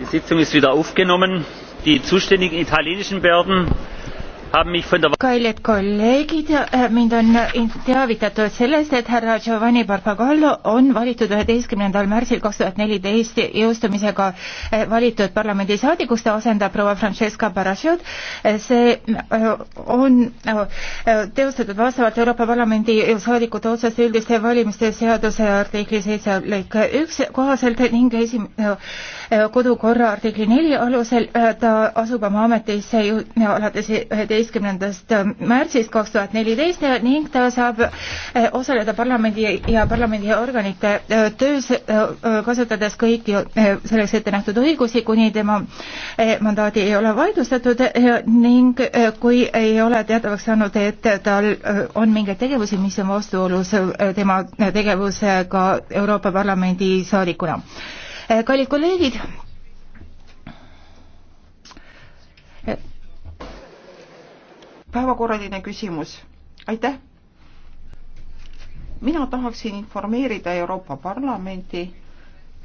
die sitzung ist wieder aufgenommen. die zuständigen italienischen behörden kallid kolleegid, äh, mind on teavitatud sellest, et härra Giovanni Barbagallo on valitud üheteistkümnendal märtsil kaks tuhat neliteist jõustumisega äh, valitud parlamendisaadikuks, ta asendab proua Francesca Barashut. Äh, see on teostatud vastavalt Euroopa Parlamendi saadikute otsuse üldiste valimiste seaduse artikli seitse lõike üks kohaselt ning esim-, kodukorra artikli neli alusel ta asub oma ametisse ju alates üheteist üheksateistkümnendast märtsist kaks tuhat neliteist ning ta saab eh, osaleda parlamendi ja parlamendiorganite eh, töös, eh, kasutades kõiki selleks ette nähtud õigusi, kuni tema mandaadi ei ole vaidlustatud ning kui ei ole teatavaks saanud, et tal on mingeid tegevusi, mis on vastuolus tema tegevusega Euroopa Parlamendi saadikuna. kallid kolleegid, päevakorraline küsimus. aitäh! mina tahaksin informeerida Euroopa Parlamenti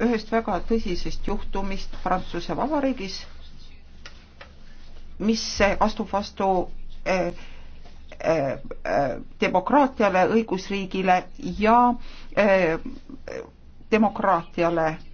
ühest väga tõsisest juhtumist Prantsuse Vabariigis, mis astub vastu eh, eh, eh demokraatiale, õigusriigile ja eh, demokraatiale